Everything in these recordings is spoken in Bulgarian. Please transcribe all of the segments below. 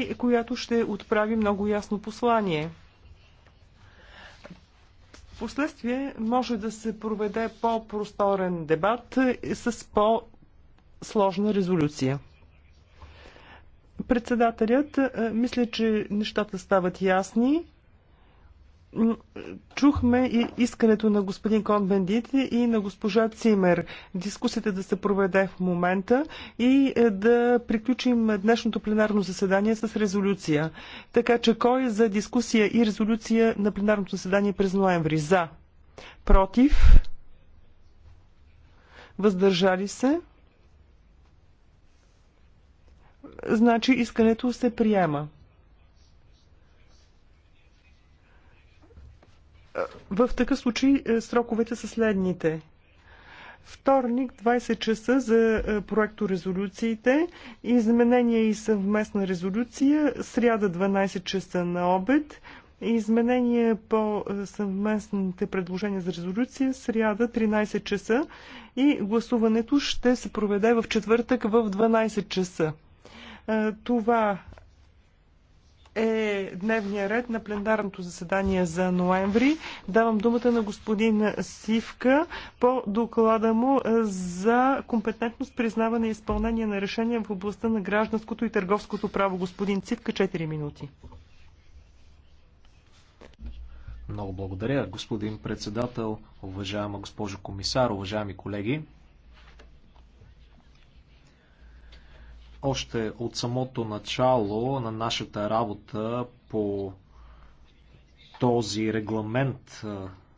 и която ще отправи много ясно послание. Впоследствие може да се проведе по-просторен дебат с по-сложна резолюция. Председателят, мисля, че нещата стават ясни. Чухме и искането на господин Конбендит и на госпожа Цимер. Дискусията да се проведе в момента и е, да приключим днешното пленарно заседание с резолюция. Така че кой е за дискусия и резолюция на пленарното заседание през ноември? За. Против. Въздържали се. Значи искането се приема. Е, в такъв случай е, сроковете са следните. Вторник, 20 часа за е, проекто резолюциите, изменение и съвместна резолюция, сряда 12 часа на обед, изменение по съвместните предложения за резолюция, сряда 13 часа и гласуването ще се проведе в четвъртък в 12 часа. Това е дневния ред на пленарното заседание за ноември. Давам думата на господин Сивка по доклада му за компетентност, признаване и изпълнение на решения в областта на гражданското и търговското право. Господин Сивка, 4 минути. Много благодаря, господин председател, уважаема госпожо комисар, уважаеми колеги. Още от самото начало на нашата работа по този регламент,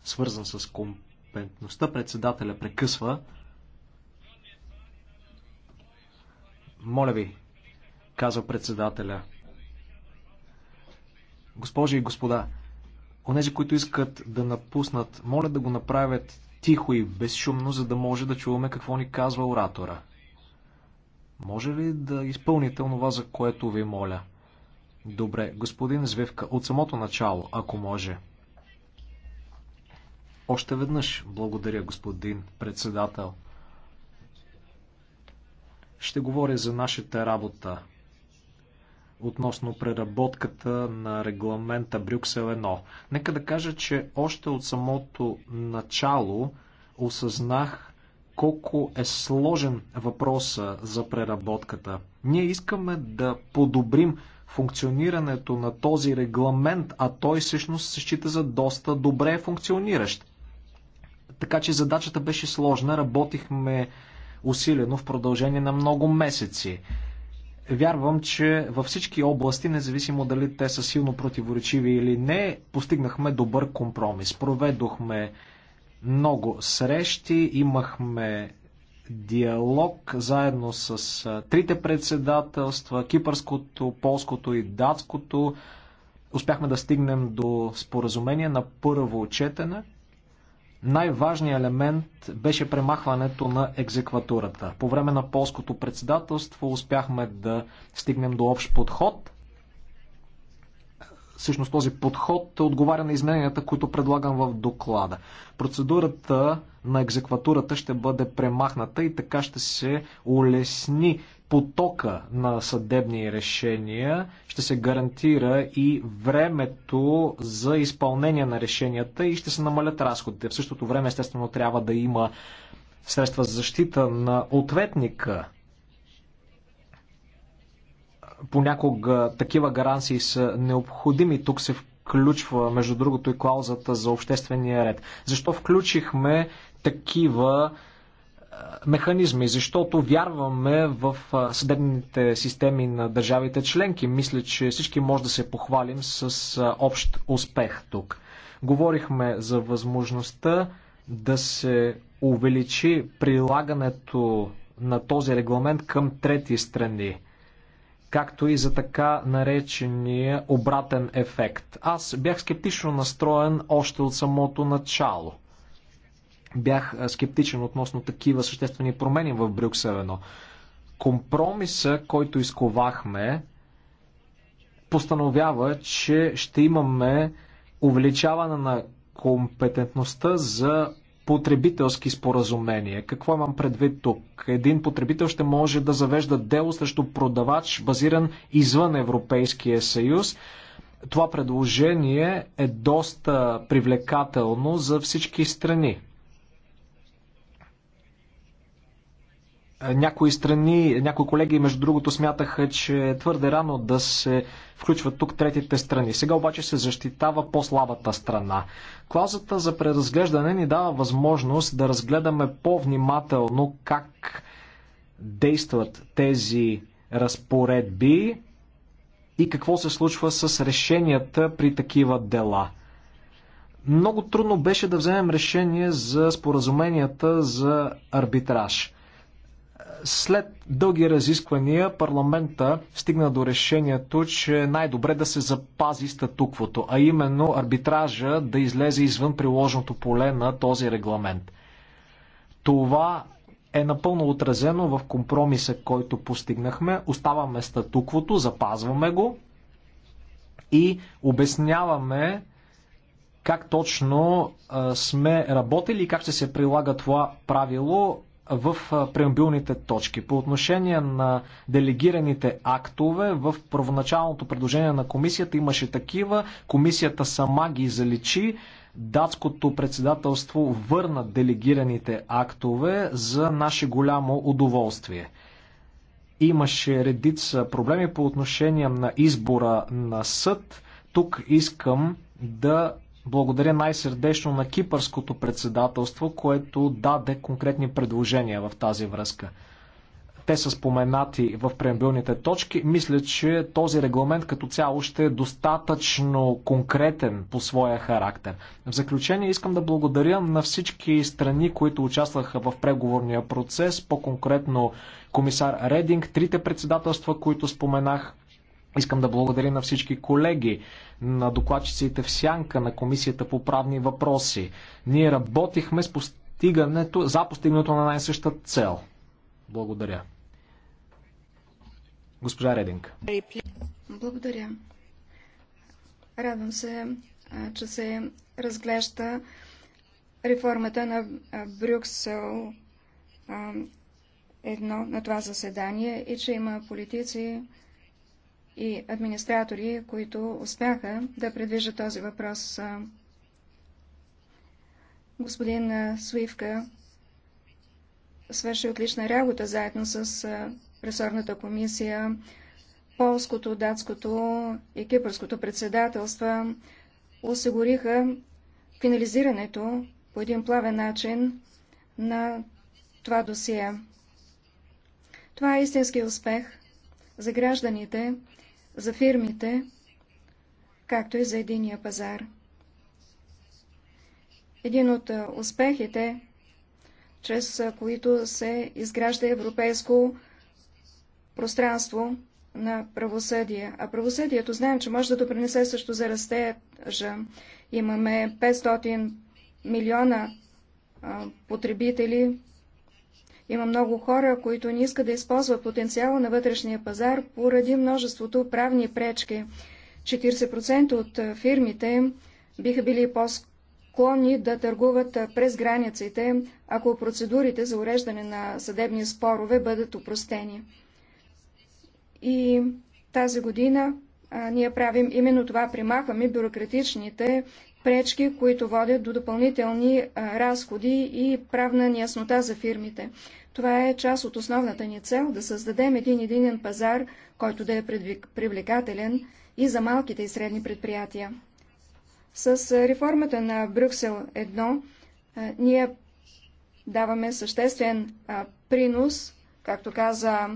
свързан с компетентността, председателя прекъсва. Моля ви, казва председателя. Госпожи и господа, онези, които искат да напуснат, моля да го направят тихо и безшумно, за да може да чуваме какво ни казва оратора. Може ли да изпълните онова, за което ви моля? Добре, господин Звивка, от самото начало, ако може. Още веднъж благодаря, господин председател. Ще говоря за нашата работа относно преработката на регламента Брюксел 1. Нека да кажа, че още от самото начало осъзнах, колко е сложен въпроса за преработката. Ние искаме да подобрим функционирането на този регламент, а той всъщност се счита за доста добре функциониращ. Така че задачата беше сложна, работихме усилено в продължение на много месеци. Вярвам, че във всички области, независимо дали те са силно противоречиви или не, постигнахме добър компромис. Проведохме много срещи, имахме диалог заедно с трите председателства, кипърското, полското и датското. Успяхме да стигнем до споразумение на първо четене. Най-важният елемент беше премахването на екзекватурата. По време на полското председателство успяхме да стигнем до общ подход – всъщност този подход е отговаря на измененията, които предлагам в доклада. Процедурата на екзекватурата ще бъде премахната и така ще се улесни потока на съдебни решения, ще се гарантира и времето за изпълнение на решенията и ще се намалят разходите. В същото време, естествено, трябва да има средства за защита на ответника понякога такива гаранции са необходими. Тук се включва, между другото, и клаузата за обществения ред. Защо включихме такива механизми, защото вярваме в съдебните системи на държавите членки. Мисля, че всички може да се похвалим с общ успех тук. Говорихме за възможността да се увеличи прилагането на този регламент към трети страни както и за така наречения обратен ефект. Аз бях скептично настроен още от самото начало. Бях скептичен относно такива съществени промени в Брюксел едно. Компромиса, който изковахме, постановява, че ще имаме увеличаване на компетентността за потребителски споразумения. Какво имам предвид тук? Един потребител ще може да завежда дело срещу продавач, базиран извън Европейския съюз. Това предложение е доста привлекателно за всички страни. Някои страни, някои колеги, между другото, смятаха, че е твърде рано да се включват тук третите страни. Сега обаче се защитава по-слабата страна. Клаузата за преразглеждане ни дава възможност да разгледаме по-внимателно как действат тези разпоредби и какво се случва с решенията при такива дела. Много трудно беше да вземем решение за споразуменията за арбитраж. След дълги разисквания парламента стигна до решението, че е най-добре да се запази статуквото, а именно арбитража да излезе извън приложното поле на този регламент. Това е напълно отразено в компромиса, който постигнахме. Оставаме статуквото, запазваме го и обясняваме как точно сме работили и как ще се прилага това правило в преамбилните точки. По отношение на делегираните актове, в първоначалното предложение на комисията имаше такива, комисията сама ги заличи, датското председателство върна делегираните актове за наше голямо удоволствие. Имаше редица проблеми по отношение на избора на съд. Тук искам да благодаря най-сърдечно на кипърското председателство, което даде конкретни предложения в тази връзка. Те са споменати в преамбилните точки. Мисля, че този регламент като цяло ще е достатъчно конкретен по своя характер. В заключение искам да благодаря на всички страни, които участваха в преговорния процес, по-конкретно комисар Рединг, трите председателства, които споменах, Искам да благодаря на всички колеги, на докладчиците в Сянка, на Комисията по правни въпроси. Ние работихме с постигането, за постигането на най-съща цел. Благодаря. Госпожа Рединг. Благодаря. Радвам се, че се разглежда реформата на Брюксел едно на това заседание и че има политици, и администратори, които успяха да предвижат този въпрос. Господин Суивка свърши отлична работа заедно с ресорната комисия, полското, датското и кипърското председателства осигуриха финализирането по един плавен начин на това досие. Това е истински успех за гражданите за фирмите, както и за единия пазар. Един от успехите, чрез които се изгражда европейско пространство на правосъдие. А правосъдието знаем, че може да допринесе също за растежа. Имаме 500 милиона потребители, има много хора, които не искат да използват потенциала на вътрешния пазар поради множеството правни пречки. 40% от фирмите биха били по-склонни да търгуват през границите, ако процедурите за уреждане на съдебни спорове бъдат упростени. И тази година а, ние правим именно това, примахваме бюрократичните пречки, които водят до допълнителни а, разходи и правна неяснота за фирмите. Това е част от основната ни цел да създадем един единен пазар, който да е привлекателен и за малките и средни предприятия. С реформата на Брюксел 1 ние даваме съществен принос, както каза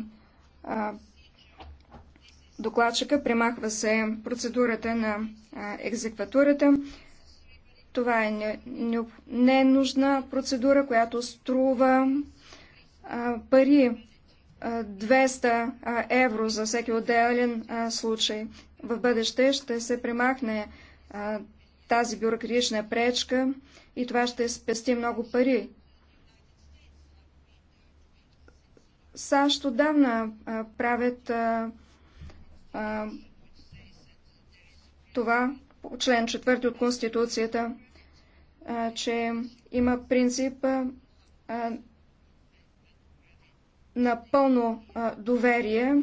докладчика, премахва се процедурата на екзекватурата. Това е ненужна не, не, не е нужна процедура, която струва пари 200 евро за всеки отделен случай. В бъдеще ще се примахне тази бюрократична пречка и това ще спести много пари. САЩ отдавна правят това член 4 от Конституцията, че има принцип на пълно доверие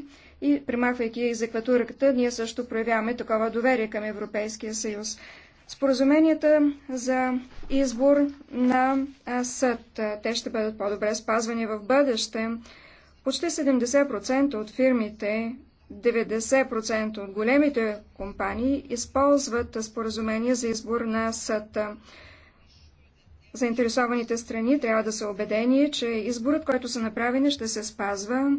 и примахвайки екзекватурката, ние също проявяваме такова доверие към Европейския съюз. Споразуменията за избор на съд, те ще бъдат по-добре спазвани в бъдеще. Почти 70% от фирмите, 90% от големите компании използват споразумения за избор на съд. Заинтересованите страни трябва да са убедени, че изборът, който са направени, ще се спазва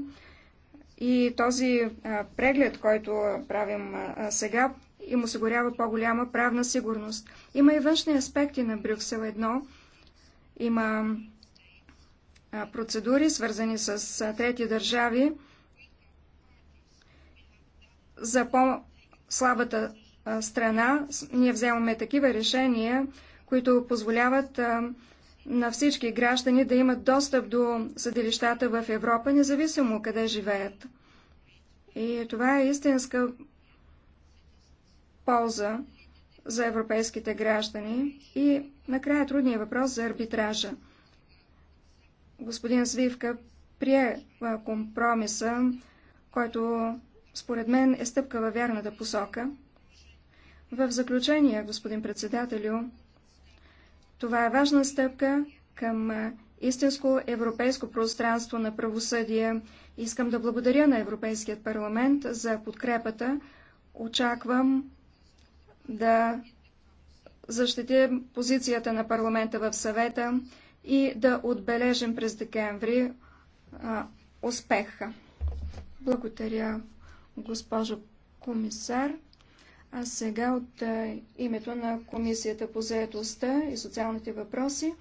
и този преглед, който правим сега, им осигурява по-голяма правна сигурност. Има и външни аспекти на Брюксел 1. Има процедури, свързани с трети държави за по-слабата страна. Ние вземаме такива решения, които позволяват на всички граждани да имат достъп до съдилищата в Европа, независимо къде живеят. И това е истинска полза за европейските граждани. И накрая трудния въпрос за арбитража. Господин Свивка прие компромиса, който според мен е стъпка във вярната посока. В заключение, господин председателю, това е важна стъпка към истинско европейско пространство на правосъдие. Искам да благодаря на Европейският парламент за подкрепата. Очаквам да защитя позицията на парламента в съвета и да отбележим през декември а, успеха. Благодаря, госпожо комисар. А сега от името на Комисията по заедостта и социалните въпроси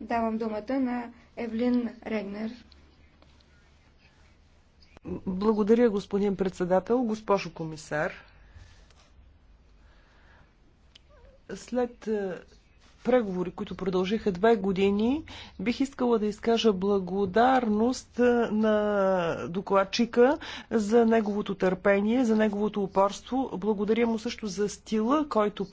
давам думата на Евлин Регнер. Благодаря, господин председател, госпожо комисар. След преговори, които продължиха две години, бих искала да изкажа благодарност на докладчика за неговото търпение, за неговото упорство. Благодаря му също за стила, който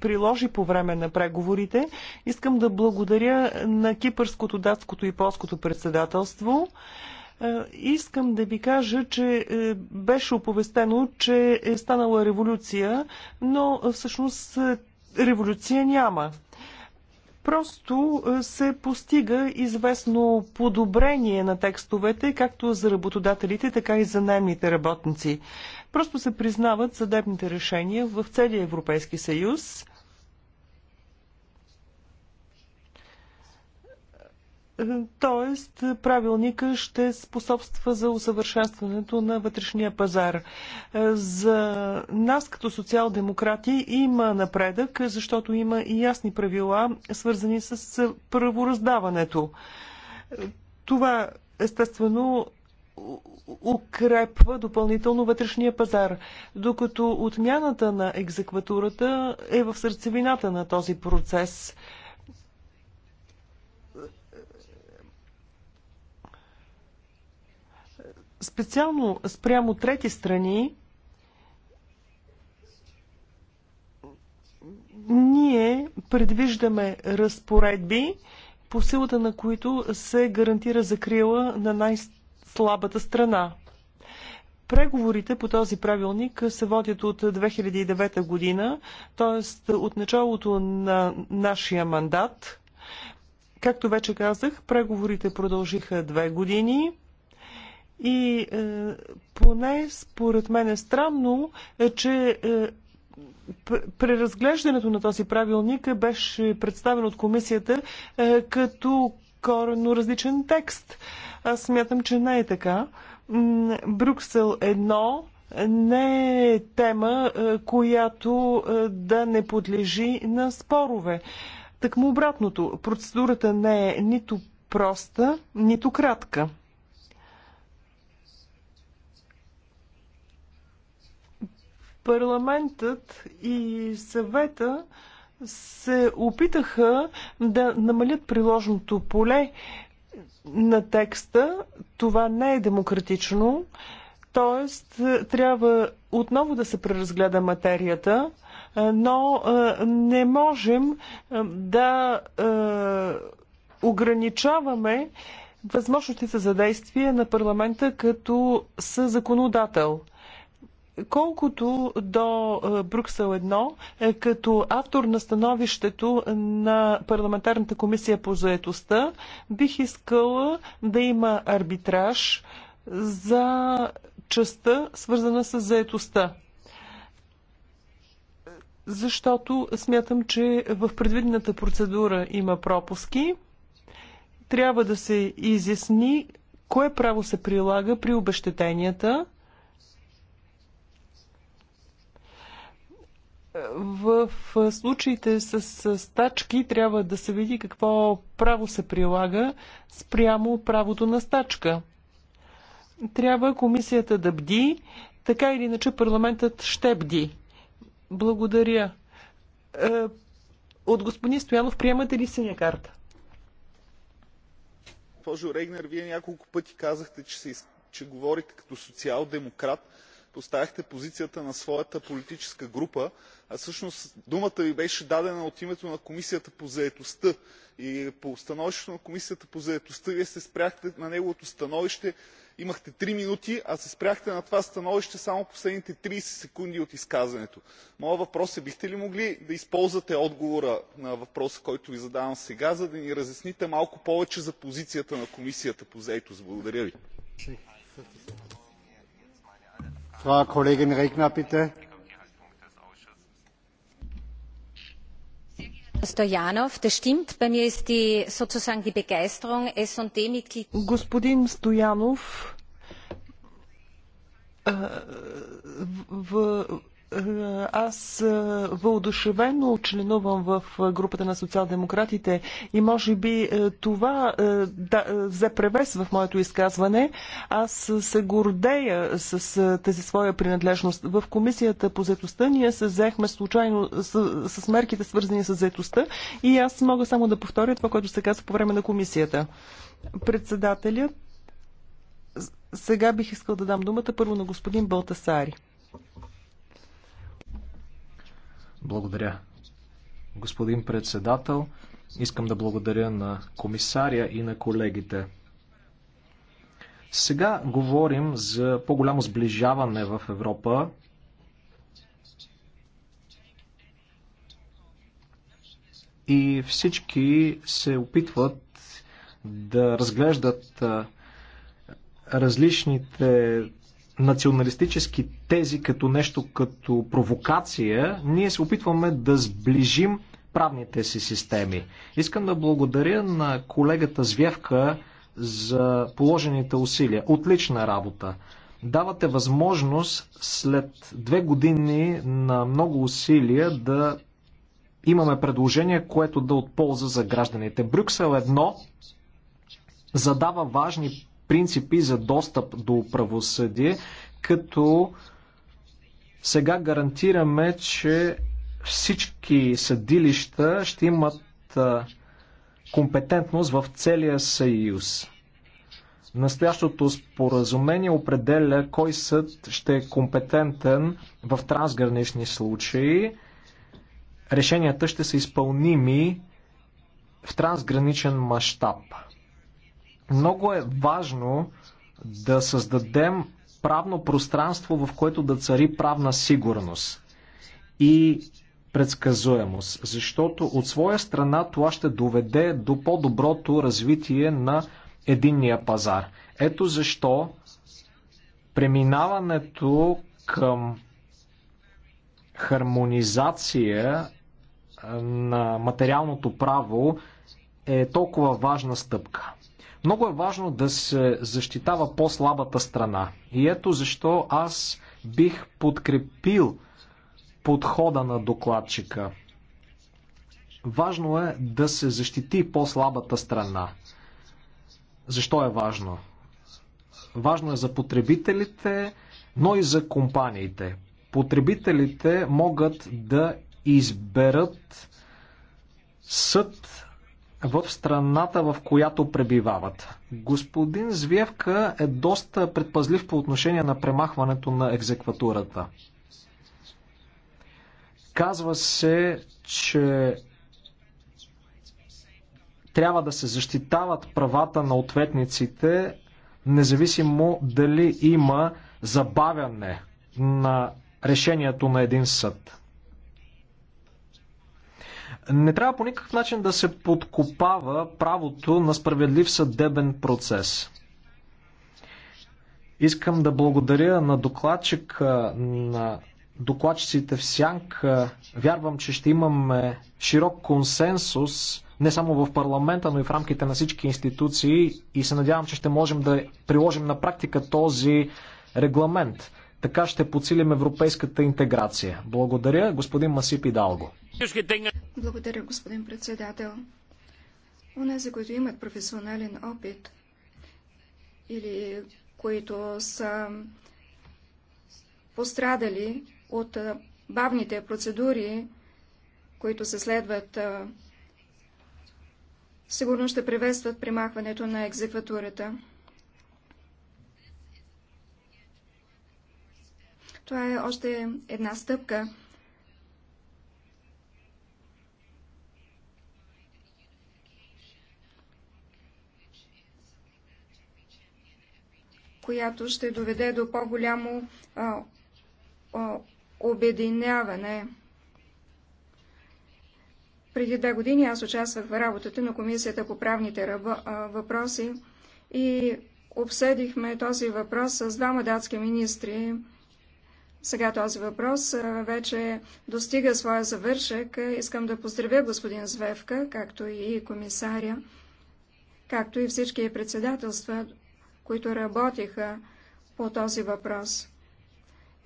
приложи по време на преговорите. Искам да благодаря на кипърското, датското и полското председателство. Искам да ви кажа, че е, беше оповестено, че е станала революция, но всъщност революция няма. Просто е, се постига известно подобрение на текстовете, както за работодателите, така и за наймните работници. Просто се признават съдебните решения в целия Европейски съюз – Тоест, правилника ще способства за усъвършенстването на вътрешния пазар. За нас като социал-демократи има напредък, защото има и ясни правила, свързани с правораздаването. Това, естествено, укрепва допълнително вътрешния пазар, докато отмяната на екзекватурата е в сърцевината на този процес – Специално спрямо трети страни, ние предвиждаме разпоредби, по силата на които се гарантира закрила на най-слабата страна. Преговорите по този правилник се водят от 2009 година, т.е. от началото на нашия мандат. Както вече казах, преговорите продължиха две години. И е, поне според мен е странно, е, че е, преразглеждането на този правилник беше представен от комисията е, като коренно различен текст. Аз смятам, че не е така. Брюксел 1 не е тема, е, която е, да не подлежи на спорове. му обратното, процедурата не е нито проста, нито кратка. Парламентът и съвета се опитаха да намалят приложното поле на текста. Това не е демократично. Тоест, трябва отново да се преразгледа материята, но не можем да ограничаваме възможностите за действие на парламента като съзаконодател. Колкото до е, Брюксел 1, е, като автор на становището на парламентарната комисия по заетостта, бих искала да има арбитраж за частта, свързана с заетостта защото смятам, че в предвидената процедура има пропуски. Трябва да се изясни кое право се прилага при обещетенията, в случаите с стачки трябва да се види какво право се прилага спрямо правото на стачка. Трябва комисията да бди, така или иначе парламентът ще бди. Благодаря. Е, от господин Стоянов приемате ли синя карта? Госпожо Регнер, вие няколко пъти казахте, че, се, че говорите като социал-демократ поставяхте позицията на своята политическа група а всъщност думата ви беше дадена от името на комисията по заетостта и по становището на комисията по заетостта вие се спряхте на неговото становище имахте три минути а се спряхте на това становище само в последните тридесет секунди от изказването. моят въпрос е бихте ли могли да използвате отговора на въпроса който ви задавам сега за да ни разясните малко повече за позицията на комисията по заетост? благодаря ви frau kollegin regner bitte! das stimmt bei mir ist sozusagen die begeisterung sd mitglied. господин стоянов в аз е, въодушевено членувам в групата на социал-демократите и може би е, това е, да, взе превес в моето изказване. Аз се гордея с тази своя принадлежност. В комисията по заетостта ние се взехме случайно с, с мерките свързани с заетостта и аз мога само да повторя това, което се каза по време на комисията. Председателят сега бих искал да дам думата първо на господин Балтасари. Благодаря. Господин председател, искам да благодаря на комисаря и на колегите. Сега говорим за по-голямо сближаване в Европа. И всички се опитват да разглеждат различните националистически тези като нещо като провокация, ние се опитваме да сближим правните си системи. Искам да благодаря на колегата Звявка за положените усилия. Отлична работа. Давате възможност след две години на много усилия да имаме предложение, което да отполза за гражданите. Брюксел едно задава важни принципи за достъп до правосъдие, като сега гарантираме, че всички съдилища ще имат компетентност в целия съюз. Настоящото споразумение определя кой съд ще е компетентен в трансгранични случаи. Решенията ще са изпълними в трансграничен мащаб. Много е важно да създадем правно пространство, в което да цари правна сигурност и предсказуемост, защото от своя страна това ще доведе до по-доброто развитие на единния пазар. Ето защо преминаването към хармонизация на материалното право е толкова важна стъпка. Много е важно да се защитава по-слабата страна. И ето защо аз бих подкрепил подхода на докладчика. Важно е да се защити по-слабата страна. Защо е важно? Важно е за потребителите, но и за компаниите. Потребителите могат да изберат съд в страната, в която пребивават. Господин Звиевка е доста предпазлив по отношение на премахването на екзекватурата. Казва се, че трябва да се защитават правата на ответниците, независимо дали има забавяне на решението на един съд. Не трябва по никакъв начин да се подкопава правото на справедлив съдебен процес. Искам да благодаря на докладчик, на докладчиците в Сянка. Вярвам, че ще имаме широк консенсус не само в парламента, но и в рамките на всички институции и се надявам, че ще можем да приложим на практика този регламент. Така ще подсилим европейската интеграция. Благодаря, господин Масип Идалго. Благодаря, господин председател. Унези, които имат професионален опит или които са пострадали от бавните процедури, които се следват, сигурно ще приветстват примахването на екзекватурата. Това е още една стъпка която ще доведе до по-голямо обединяване. Преди две години аз участвах в работата на Комисията по правните ръба, а, въпроси и обсъдихме този въпрос с двама датски министри. Сега този въпрос а, вече достига своя завършък. Искам да поздравя господин Звевка, както и комисаря, както и всички председателства които работиха по този въпрос.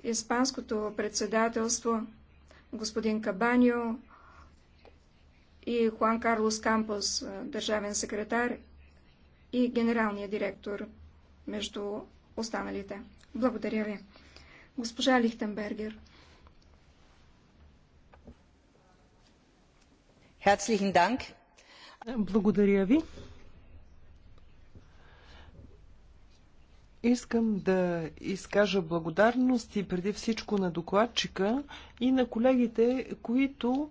Испанското председателство, господин Кабанио и Хуан Карлос Кампос, държавен секретар и генералния директор между останалите. Благодаря ви. Госпожа Лихтенбергер. Благодаря ви. Искам да изкажа благодарност и преди всичко на докладчика и на колегите, които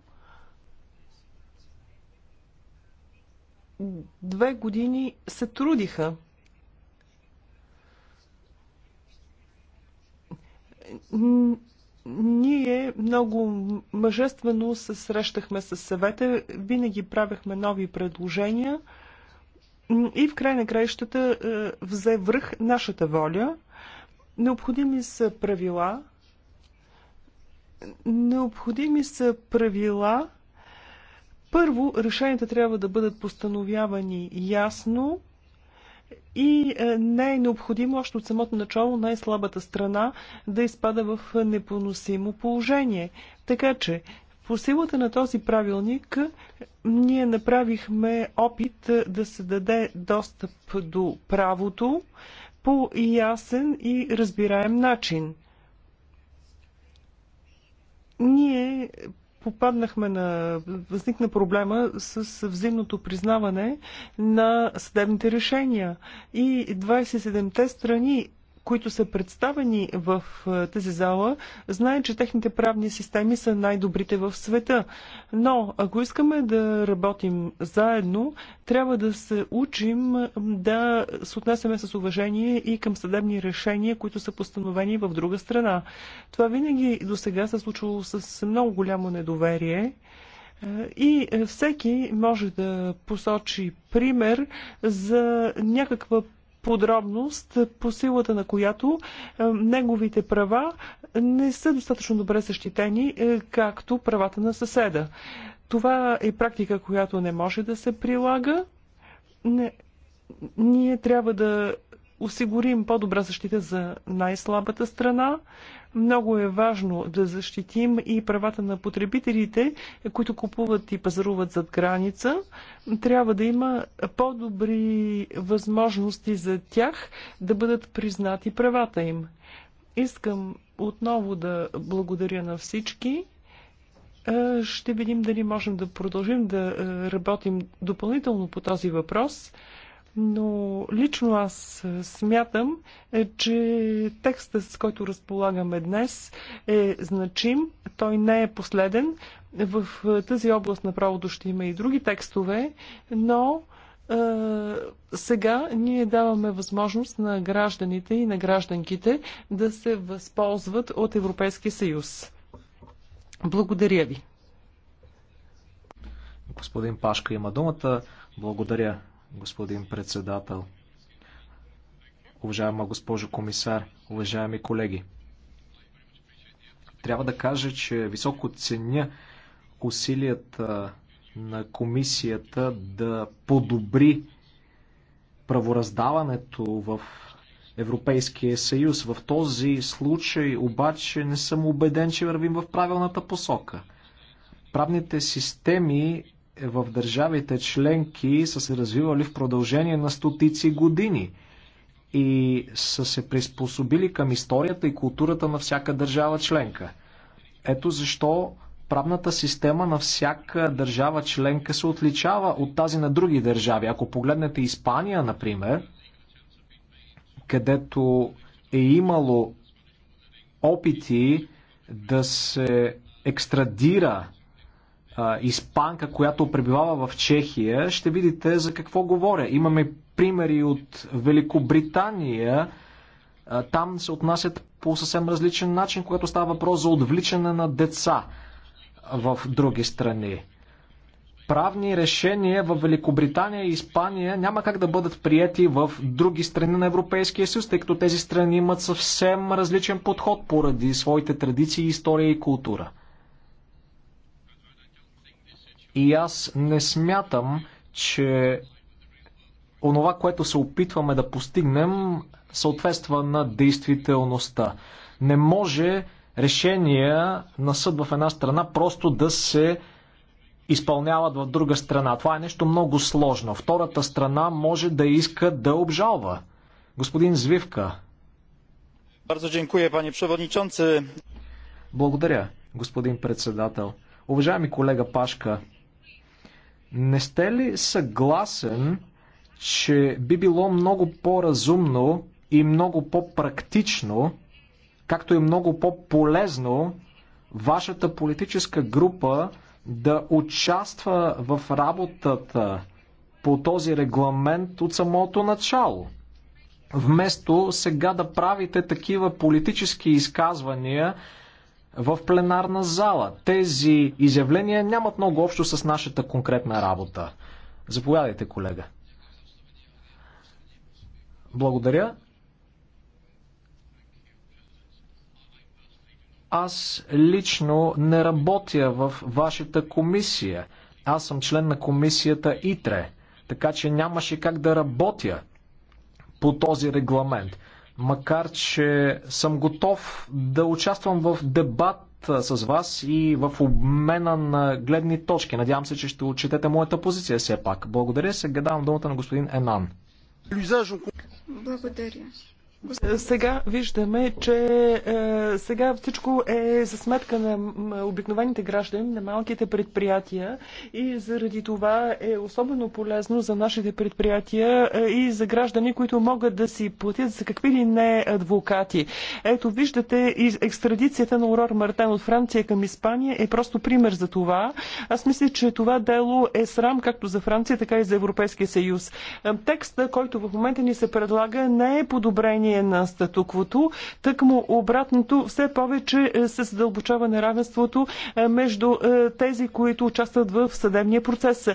две години се трудиха. Ние много мъжествено се срещахме с съвета, винаги правехме нови предложения – и в край на краищата е, взе връх нашата воля. Необходими са правила. Необходими са правила. Първо, решенията трябва да бъдат постановявани ясно и е, не е необходимо още от самото начало най-слабата страна да изпада в непоносимо положение. Така че по силата на този правилник ние направихме опит да се даде достъп до правото по ясен и разбираем начин. Ние попаднахме на, възникна проблема с взаимното признаване на съдебните решения. И 27-те страни които са представени в е, тази зала, знаят, че техните правни системи са най-добрите в света. Но ако искаме да работим заедно, трябва да се учим е, да се отнесеме с уважение и към съдебни решения, които са постановени в друга страна. Това винаги до сега се е случило с много голямо недоверие. И всеки може да посочи пример за някаква подробност, по силата на която е, неговите права не са достатъчно добре защитени, е, както правата на съседа. Това е практика, която не може да се прилага. Не. Ние трябва да осигурим по-добра защита за най-слабата страна, много е важно да защитим и правата на потребителите, които купуват и пазаруват зад граница. Трябва да има по-добри възможности за тях да бъдат признати правата им. Искам отново да благодаря на всички. Е, ще видим дали можем да продължим да е, работим допълнително по този въпрос но лично аз е, смятам, е, че текстът, с който разполагаме днес, е значим. Той не е последен. В е, тази област на правото ще има и други текстове, но е, сега ние даваме възможност на гражданите и на гражданките да се възползват от Европейския съюз. Благодаря ви. Господин Пашка има думата. Благодаря, господин председател. Уважаема госпожо комисар, уважаеми колеги. Трябва да кажа, че високо ценя усилията на комисията да подобри правораздаването в Европейския съюз. В този случай обаче не съм убеден, че вървим в правилната посока. Правните системи е в държавите членки са се развивали в продължение на стотици години и са се приспособили към историята и културата на всяка държава членка. Ето защо правната система на всяка държава членка се отличава от тази на други държави. Ако погледнете Испания, например, където е имало опити да се екстрадира испанка, която пребивава в Чехия, ще видите за какво говоря. Имаме примери от Великобритания. Там се отнасят по съвсем различен начин, когато става въпрос за отвличане на деца в други страни. Правни решения в Великобритания и Испания няма как да бъдат прияти в други страни на Европейския съюз, тъй като тези страни имат съвсем различен подход поради своите традиции, история и култура. И аз не смятам, че онова, което се опитваме да постигнем, съответства на действителността. Не може решения на съд в една страна просто да се изпълняват в друга страна. Това е нещо много сложно. Втората страна може да иска да обжалва. Господин Звивка. Bardzo dziękuję, Благодаря, господин председател. Уважаеми колега Пашка, не сте ли съгласен, че би било много по-разумно и много по-практично, както и много по-полезно вашата политическа група да участва в работата по този регламент от самото начало? Вместо сега да правите такива политически изказвания, в пленарна зала. Тези изявления нямат много общо с нашата конкретна работа. Заповядайте, колега. Благодаря. Аз лично не работя в вашата комисия. Аз съм член на комисията ИТРЕ, така че нямаше как да работя по този регламент макар че съм готов да участвам в дебат с вас и в обмена на гледни точки. Надявам се, че ще отчетете моята позиция все пак. Благодаря. Сега давам думата на господин Енан. Благодаря. Сега виждаме, че е, сега всичко е за сметка на обикновените граждани, на малките предприятия и заради това е особено полезно за нашите предприятия е, и за граждани, които могат да си платят за какви ли не адвокати. Ето виждате екстрадицията на Урор Мартен от Франция към Испания е просто пример за това. Аз мисля, че това дело е срам както за Франция, така и за Европейския съюз. Е, текста, който в момента ни се предлага, не е подобрение продължение на статуквото. Тъкмо обратното, все повече е, се задълбочава неравенството е, между е, тези, които участват в съдебния процес.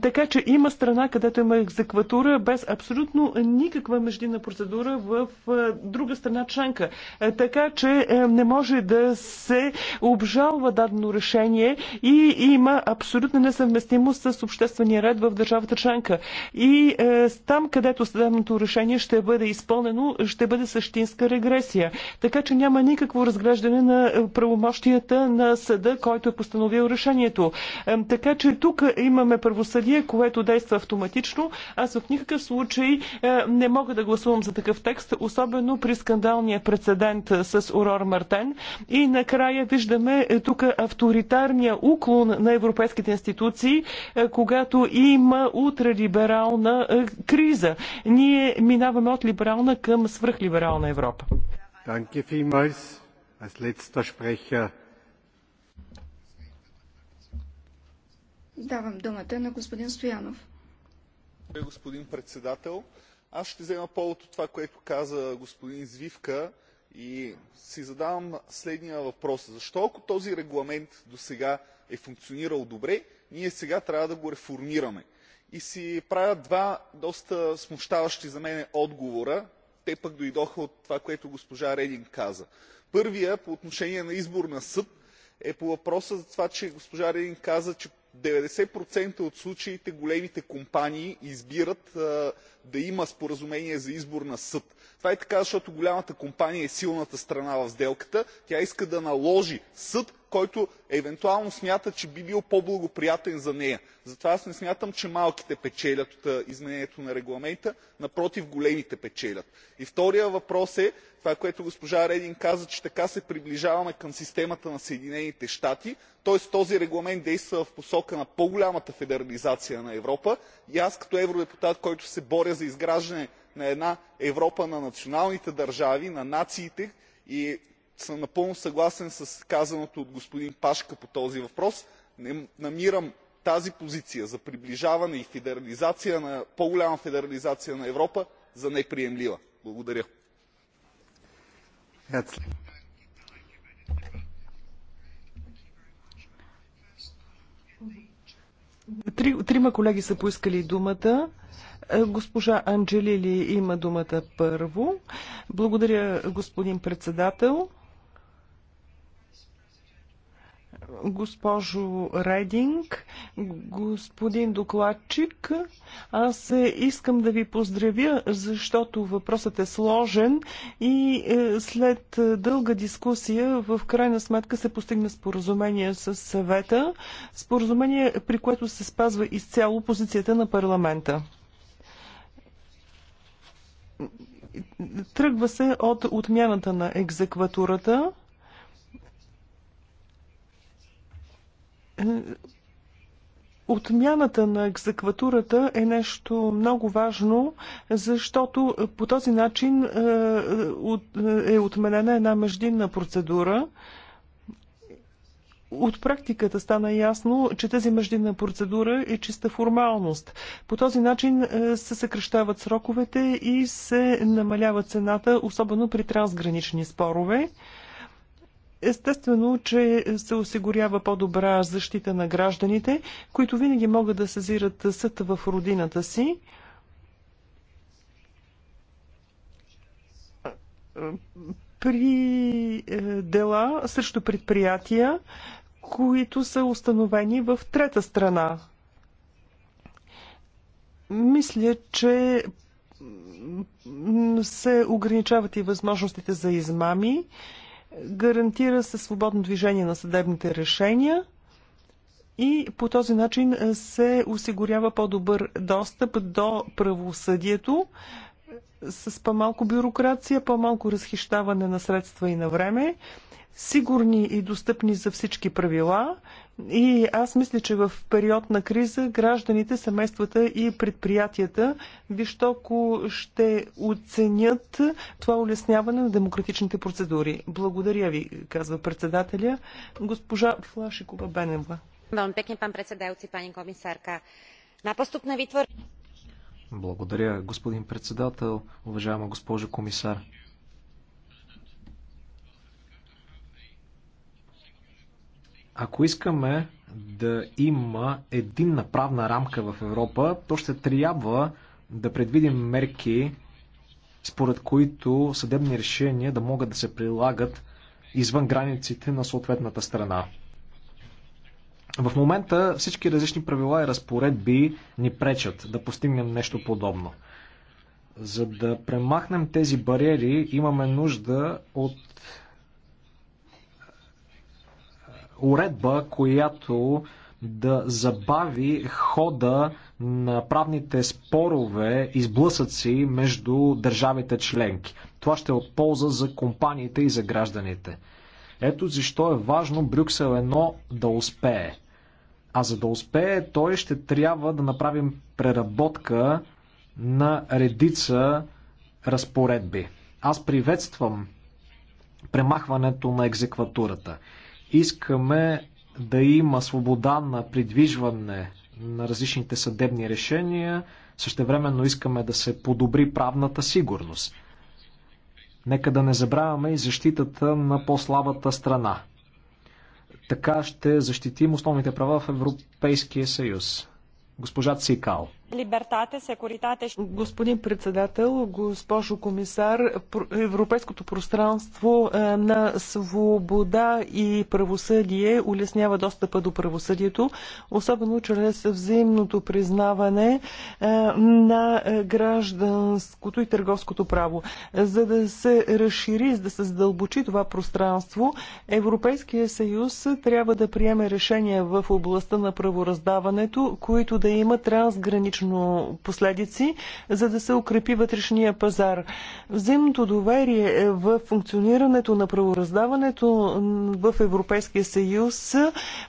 Така че има страна, където има екзекватура без абсолютно никаква междинна процедура в друга страна членка. Така че не може да се обжалва дадено решение и има абсолютна несъвместимост с обществения ред в държавата членка. И там, където съдебното решение ще бъде изпълнено, ще ще бъде същинска регресия. Така че няма никакво разглеждане на е, правомощията на съда, който е постановил решението. Така че тук имаме правосъдие, което действа автоматично. Аз в никакъв случай е, не мога да гласувам за такъв текст, особено при скандалния прецедент с Урор Мартен. И накрая виждаме е, тук авторитарния уклон на европейските институции, когато има ултралиберална криза. Ние минаваме от либерална към свръх свръхлиберална Европа. Давам думата на господин Стоянов. Господин председател, аз ще взема повод от това, което каза господин Звивка и си задавам следния въпрос. Защо ако този регламент до сега е функционирал добре, ние сега трябва да го реформираме? И си правя два доста смущаващи за мен отговора те пък дойдоха от това, което госпожа Рединг каза. Първия по отношение на избор на съд е по въпроса за това, че госпожа Рединг каза, че 90% от случаите големите компании избират а, да има споразумение за избор на съд. Това е така, защото голямата компания е силната страна в сделката. Тя иска да наложи съд който евентуално смята че би бил по благоприятен за нея. затова аз не смятам че малките печелят от изменението на регламента напротив големите печелят. и вторият въпрос е това което госпожа рединг каза че така се приближаваме към системата на съединените щати тоест този регламент действа в посока на по голямата федерализация на европа и аз като евродепутат който се боря за изграждане на една европа на националните държави на нациите и съм напълно съгласен с казаното от господин пашка по този въпрос. Не намирам тази позиция за приближаване и по голяма федерализация на европа за неприемлива. благодаря. Три, трима колеги са поискали думата. Е, госпожа Анджелили има думата първо. Благодаря, господин председател. госпожо Рединг, господин докладчик. Аз искам да ви поздравя, защото въпросът е сложен и е, след дълга дискусия в крайна сметка се постигна споразумение с съвета, споразумение при което се спазва изцяло позицията на парламента тръгва се от отмяната на екзекватурата. Отмяната на екзекватурата е нещо много важно, защото по този начин е, е отменена една междинна процедура. От практиката стана ясно, че тази междинна процедура е чиста формалност. По този начин е, се съкрещават сроковете и се намалява цената, особено при трансгранични спорове. Естествено, че се осигурява по-добра защита на гражданите, които винаги могат да съзират съд в родината си. При е, дела срещу предприятия, които са установени в трета страна. Мисля, че се ограничават и възможностите за измами гарантира се свободно движение на съдебните решения и по този начин е, се осигурява по-добър достъп до правосъдието е, с по-малко бюрокрация, по-малко разхищаване на средства и на време сигурни и достъпни за всички правила. И аз мисля, че в период на криза гражданите, семействата и предприятията вищоко ще оценят това улесняване на демократичните процедури. Благодаря ви, казва председателя. Госпожа Флашикова Бенева. Благодаря, господин председател, уважаема госпожо комисар. Ако искаме да има единна правна рамка в Европа, то ще трябва да предвидим мерки, според които съдебни решения да могат да се прилагат извън границите на съответната страна. В момента всички различни правила и разпоредби ни пречат да постигнем нещо подобно. За да премахнем тези бариери, имаме нужда от уредба, която да забави хода на правните спорове и сблъсъци между държавите членки. Това ще е от полза за компаниите и за гражданите. Ето защо е важно Брюксел 1 да успее. А за да успее, той ще трябва да направим преработка на редица разпоредби. Аз приветствам премахването на екзекватурата. Искаме да има свобода на придвижване на различните съдебни решения, същевременно искаме да се подобри правната сигурност. Нека да не забравяме и защитата на по-слабата страна. Така ще защитим основните права в Европейския съюз. Госпожа Цикал либертате, секуритате. Господин председател, госпожо комисар, европейското пространство е, на свобода и правосъдие улеснява достъпа до правосъдието, особено чрез взаимното признаване е, на гражданското и търговското право. За да се разшири, за да се задълбочи това пространство, Европейския съюз трябва да приеме решения в областта на правораздаването, които да имат трансгранично точно последици, за да се укрепи вътрешния пазар. Взаимното доверие в функционирането на правораздаването в Европейския съюз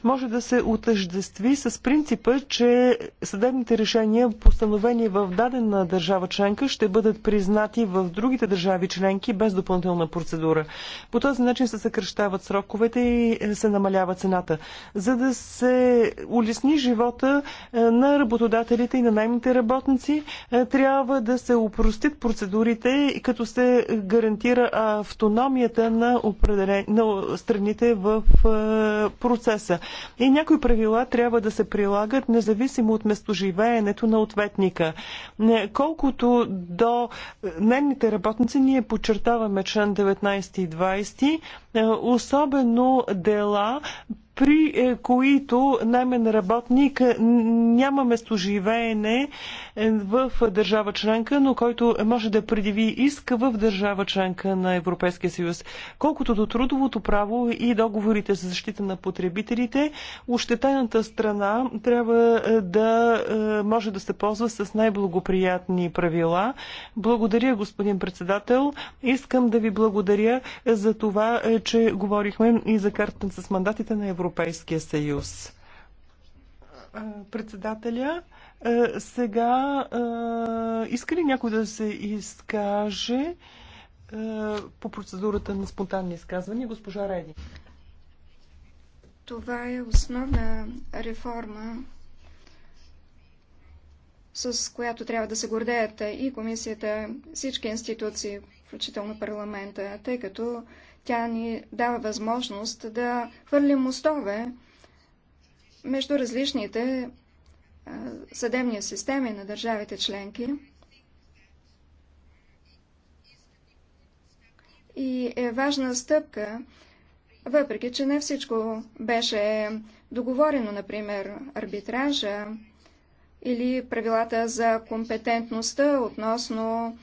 може да се отъждестви с принципа, че съдебните решения, постановени в дадена държава членка, ще бъдат признати в другите държави членки без допълнителна процедура. По този начин се съкръщават сроковете и се намалява цената, за да се улесни живота е, на работодателите и на най наемните работници. Е, трябва да се упростят процедурите, като се гарантира автономията на, определен... на страните в е, процеса. И някои правила трябва да се прилагат независимо от местоживеенето на ответника. Е, колкото до наемните работници, ние подчертаваме член 19 и 20, особено дела, при е, които наймен работник е, няма местоживеене е, в държава членка, но който може да предяви иск в държава членка на Европейския съюз. Колкото до трудовото право и договорите за защита на потребителите, ощетената страна трябва да може да се ползва с най-благоприятни правила. Благодаря, господин председател. Искам да ви благодаря за това, че говорихме и за картата с мандатите на Европейския Европейския съюз. Председателя, сега иска ли някой да се изкаже по процедурата на спонтанни изказвания? Госпожа Реди. Това е основна реформа, с която трябва да се гордеят и комисията, всички институции, включително парламента, тъй като тя ни дава възможност да хвърлим мостове между различните съдебни системи на държавите членки. И е важна стъпка, въпреки че не всичко беше договорено, например, арбитража или правилата за компетентността относно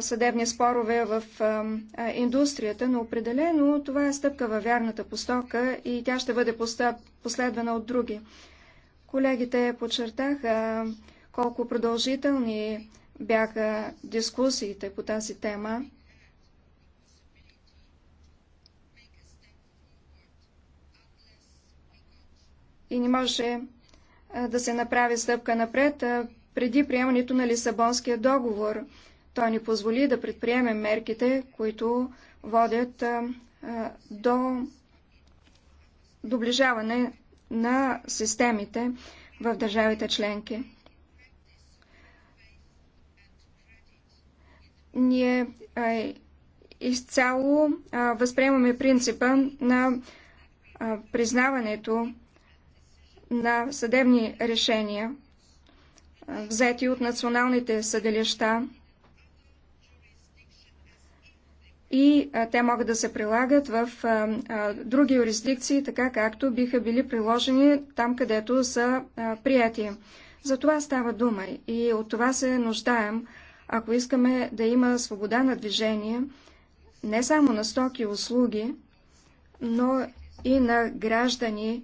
съдебни спорове в индустрията, но определено това е стъпка във вярната постока и тя ще бъде последвана от други. Колегите подчертаха колко продължителни бяха дискусиите по тази тема. И не може да се направи стъпка напред преди приемането на Лисабонския договор. Той ни позволи да предприемем мерките, които водят до доближаване на системите в държавите членки. Ние изцяло възприемаме принципа на признаването на съдебни решения, взети от националните съдилища и а, те могат да се прилагат в а, а, други юрисдикции, така както биха били приложени там, където са а, прияти. За това става дума и от това се нуждаем, ако искаме да има свобода на движение, не само на стоки и услуги, но и на граждани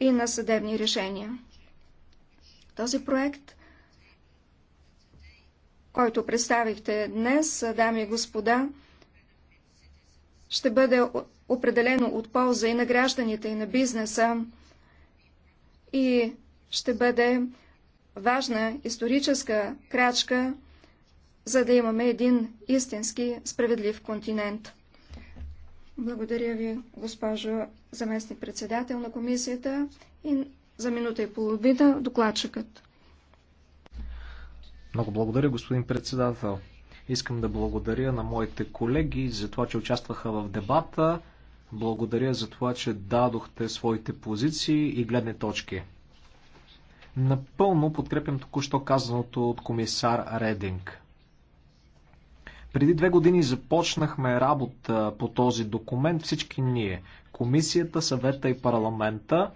и на съдебни решения. Този проект който представихте днес, дами и господа, ще бъде определено от полза и на гражданите, и на бизнеса, и ще бъде важна историческа крачка, за да имаме един истински справедлив континент. Благодаря ви, госпожо заместник-председател на комисията и за минута и половина докладчикът. Много благодаря, господин председател. Искам да благодаря на моите колеги за това, че участваха в дебата. Благодаря за това, че дадохте своите позиции и гледни точки. Напълно подкрепям току-що казаното от комисар Рединг. Преди две години започнахме работа по този документ всички ние. Комисията, съвета и парламента.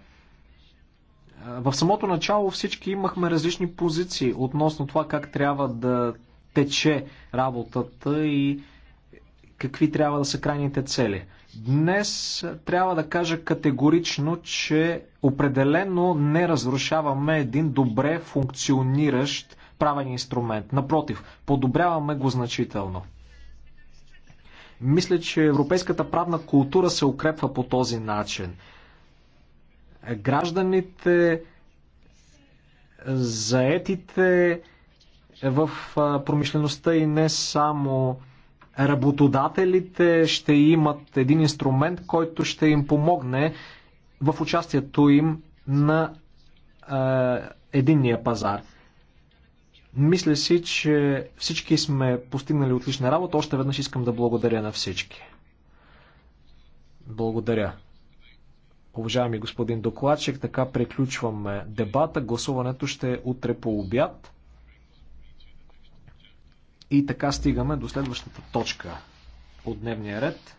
В самото начало всички имахме различни позиции относно това как трябва да тече работата и какви трябва да са крайните цели. Днес трябва да кажа категорично, че определено не разрушаваме един добре функциониращ правен инструмент. Напротив, подобряваме го значително. Мисля, че европейската правна култура се укрепва по този начин гражданите, заетите в промишлеността и не само работодателите ще имат един инструмент, който ще им помогне в участието им на е, единния пазар. Мисля си, че всички сме постигнали отлична работа. Още веднъж искам да благодаря на всички. Благодаря. Уважаеми господин докладчик, така приключваме дебата. Гласуването ще е утре по обяд. И така стигаме до следващата точка от дневния ред.